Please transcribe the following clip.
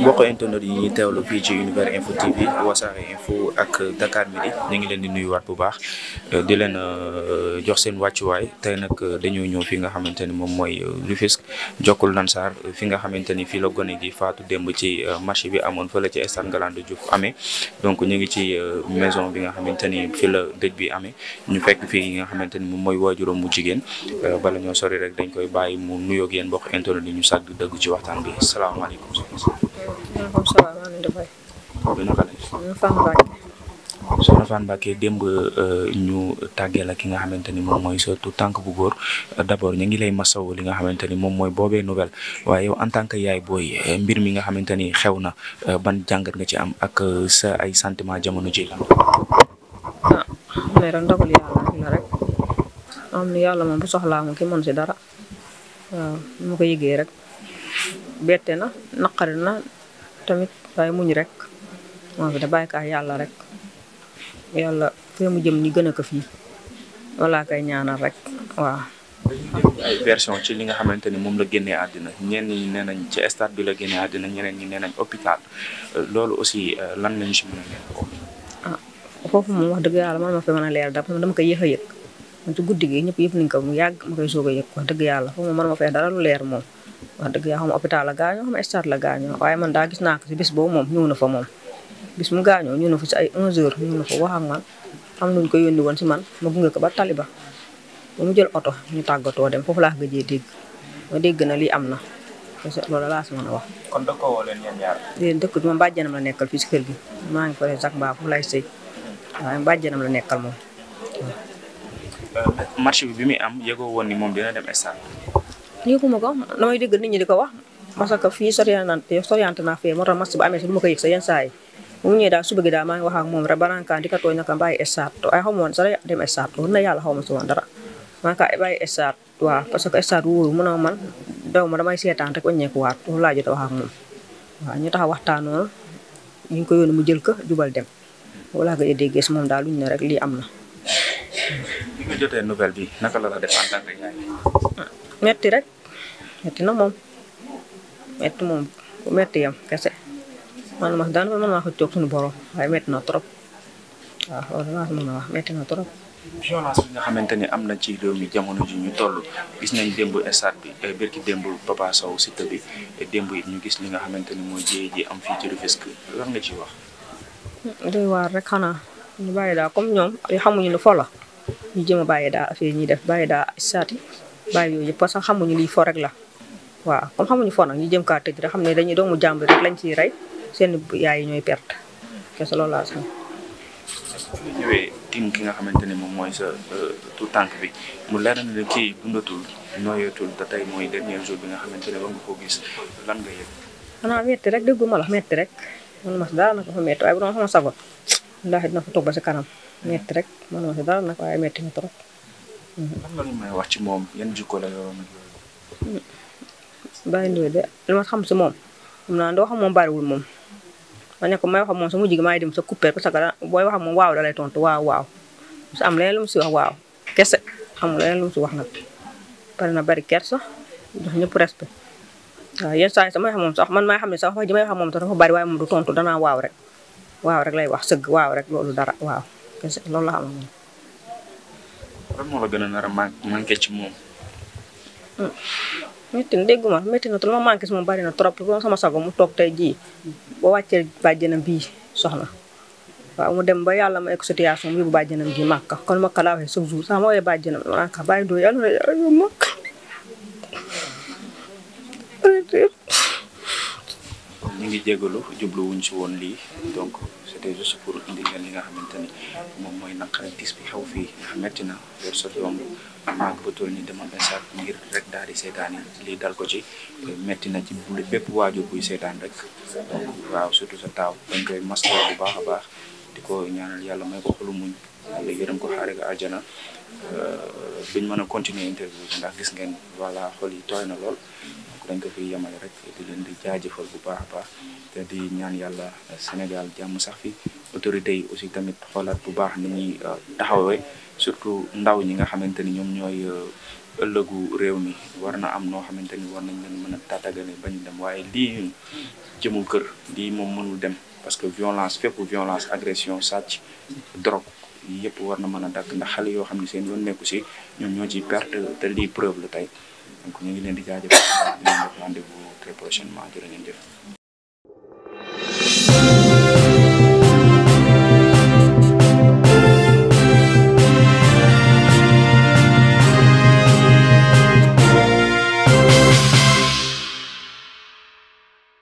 mbokk internet yi ñuy teewlu fii ci Univers Info TV Wassare Info ak Dakar Midi ñu ngi leen di nuyuwaat bu baax euh, di leen euh, jox seen wàccuwaay te nag euh, dañoo ñëw fi nga xamante ni moom mooy Rufisque Jokkul Lansar fi nga xamante ni fii la gone gi faatu démb ci marché bi amoon fa fële ci stade Ngalandou Diouf amee donc ñu ngi ci maison bi nga xamante ni fii la dëj bi amee ñu fekk fii nga xamante ni moom mooy waajuram mu jigéen bala ñoo sori rek dañ koy bàyyi mu nuyoo yéen mbokk internet yi ñu sàgg dëgg ci waxtaan bi salaamaaleykum maaleykum salaam maa ngi leen ñu tàggee la ki nga xamante ni moom mooy surtout tànk bu góor d'abord ñu ngi lay masawu li nga xamante ni moom mooy boobee nouvelle waaye yow en tant que yaay booy euh, mbir mi nga xamante ni xew na euh, ban jàngat nga ci am ak euh, sa ay sentiment jamono ji lan. ah mais la rek bu soxlaa moom ki mën si dara waaw mu ko rek. bette na naqari na tamit waaye muñ rek moom fi da bàyyi ko yàlla rek yàlla fee mu jëm ñu gën a ko fii wala kay ñaanal rek waa ay version ci li nga xamante ni moom la génnee àddina ñenn ñi nee nañ ci stade bi la génnee àddina ñeneen ñi nee nañ hôpital euh, loolu aussi euh, lan nañu si mën a leen ko. ah foofu moom wax dëgg yàlla man ma fi mën a leer dara dama koy yéex a yëg man ci guddi gi ñëpp yëpp nañ ko mu yàgg ma koy soog yëg wax dëgg yàlla foofu moom man ma fee dara lu leer moom. wax dëgg yaa xam hôpital la gaañoo xam stade la gaañoo waaye man daa gis naa ko si bis boobu moom ñëw na fa moom bis mu gaañoo ñëw na fa si ay 11 heures ñëw na fa wax ak man am luñ ko yónni woon si man ma ko ba taliba ba mu jël oto ñu tàggatoo dem foofu laa gëjee dégg ma dégg na lii am na loolu laa si mën a kon dëkk bi moom bàjjanam fii si kër gi maa ngi pare sax mbaa foofu laay sëy waaye bàjjanam la nekkal moom. Euh, match bi bi muy am yëgoo woon ni moom dina dem stade. yëguma ko damay dégg nit ñi di ko wax parce que fii soriante soriante naa fee moo tax match bu amee sax du ma ko yëg sa yenn saa yi mu ñëwee daal suba gi daal maa ngi wax moom xaw ma woon sax dem estaat wër na yàlla xaw ma si woon dara maa ngi kaa bàyyi estaat waaw parce que estaat wóoru mën a man daw damay seetaan rek waññeeku waat loolu laa jot a wax ak moom waaw ñu ngi ko yónni mu jël ko jubal dem walaa nga déggee si moom daal luñ ne rek lii am na bi nga jotee nouvelle bi naka la la def en metti rek metti na moom metti moom ku metti yam kese man ma daanaka man maa ko toog suñu borom waaye metti na trop waaw loolu maa mën a bi nga xamante ni am na ci réew mi jamono ji ñu toll gis nañ démb stade bi eh, birki démb Papa Sow Siteu bi eh, démb it ñu gis li nga xamante ni mooy jéey ji am fii ci Rufisque lan nga ciy wax. doy waar rek xanaa ñu bàyyi daal comme ñoom xamuñu lu fo la ñu jëm a bàyyi daal affaire yi ñuy def bàyyi daal saati bàyyi yooyu yëpp parce que xamuñu lii fo rek la waaw comme xamuñu fo nag ñu jëm kaa tëj rek xam ne dañuy doomu jàmbur rek lañ ciy rey seen yaay yi ñooy perte kese loolu ki nga xamante ni moom mooy sa euh, tànk bi mu leer na kii dundatul nooyatul mooy dernier jour bi nga xamante ne war nga koo gis lan nga yëg. xanaa metti rek déggu ma la metti rek man ma daanaka fa metti waaye bu doon sama ndax dina fa toog ba si kanam. metti rek mënuma si dara nag waaye metti na trop. lan may wax ci moom yan jikko de li ma xam si moom xam naa doo xam moom moom ma ne ko may wax ak sa mujj gi maay dem sa coupé parce que booy wax ak moom waaw da lay tontu waaw waaw su am leneen lu mu si wax waaw kese amul leneen lu si wax nag pare na bari kersa jox ñëpp respect waaw yenn saa yi sama xam moom sax man maa xam ne sax wax ji may wax moom sax dafa bari waaye moom du tontu danaa waaw rek waaw rek lay wax sëgg waaw rek loolu dara waaw. kese loolu laa amoon. moo la gën a nar a moom. métti hmm. na dégguma métti na te lu ma manqué moom bari na trop ba sama sago mu toog tey jii ba wàccee bàjjenam bii soxna waaw mu dem ba yàlla ma egg situation mu yóbbu bàjjenam bii màkka kon màkka laa waxee chaque jour sax ma woowee bàjjenam ma yàlla yow màkk ñu ngi jégalu jubluwuñ si woon lii donc c'était juste pour indi leen li nga xamante ni moom mooy naqare tiis bi xew fii ndax metti na yor sa doom maag ba toll ni ngir rek daal di seetaan yi lii dal ko ci metti na ci bépp waajur buy seetaan rek donc waaw surtout sa taaw dañ koy master bu baax a baax di ko ñaanal yàlla may ko xolu muñ yàlla yërëm ko xaare ko àjjana biñ euh, mën a continuer interview ndax gis ngeen voilà xol yi tooy na lool dañ ko fi yemale rek di leen di jaajëfal bu baax a baax te di ñaan yàlla euh, Sénégal jàmm sax fi autorité yi aussi tamit xoolaat bu baax ni ñuy euh, taxawee surtout ndaw ñi nga xamante ni ñoom ñooy euh, ëllëgu réew mi war na am noo xamante ni war nañ leen mën a tàttagale ba ñu dem waaye lii jëmul kër lii moom mënul dem parce que violence fépp violence agression sàcc drogue yi yëpp war na mën a dakk ndax xale yoo xam ne seen yoon nekku si ñoom ñoo ciy perte te lii preuve la tey donc ñu ngi leen di jaajëfal di leen def rendez-vous très prochainement jërë